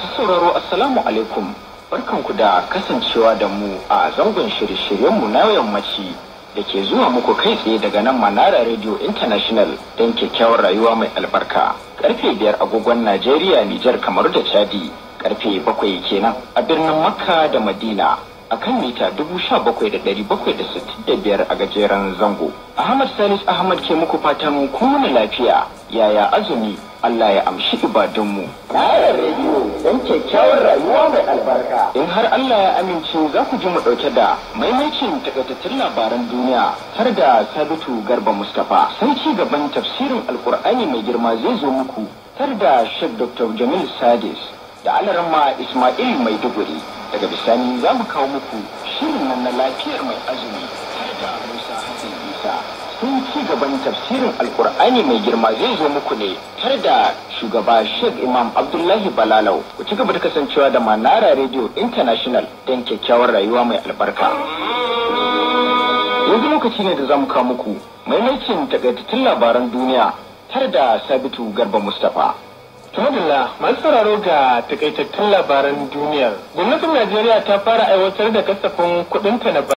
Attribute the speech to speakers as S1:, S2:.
S1: masu sauraro assalamu alaikum barkanku da kasancewa da mu a zangon shirye-shiryenmu na yammaci da ke zuwa muku kai tsaye daga nan manara radio international don kyakkyawar rayuwa mai albarka karfe biyar agogon najeriya nijar kamaru da chadi karfe bakwai kenan a birnin makka da madina a kan mita dubu sha da da biyar a gajeren zango. Ahmad Salis Ahmad ke muku fatan na lafiya yaya azumi Allah ya amshi ibadunmu. Kayar rediyo don kyakkyawar rayuwa mai albarka. In har Allah ya amince za ku ji mu ɗauke da maimacin takaitattun labaran duniya har da Sabitu Garba Mustapha. Sai ci gaban tafsirin Alƙur'ani mai girma zai zo muku. Tar da Sheikh Dr. Jamil Sadis da Alarama Ismail Maiduguri. daga bisani za mu kawo muku shirin nan na lafiyar mai azumi da musa hassan isa sun ci gaban tafsirin alkur'ani mai girma zai zo muku ne har da shugaba sheikh imam abdullahi balalau ku ci gaba da kasancewa da manara radio international don kyakkyawar rayuwa mai albarka yanzu lokaci ne da za mu kawo muku maimaicin takaitattun labaran duniya har da sabitu garba mustapha Alhamdulillah masu
S2: sauraro ga takaitattun labaran duniyar. Gwamnatin Najeriya ta fara aiwatar da kasafin kuɗinta na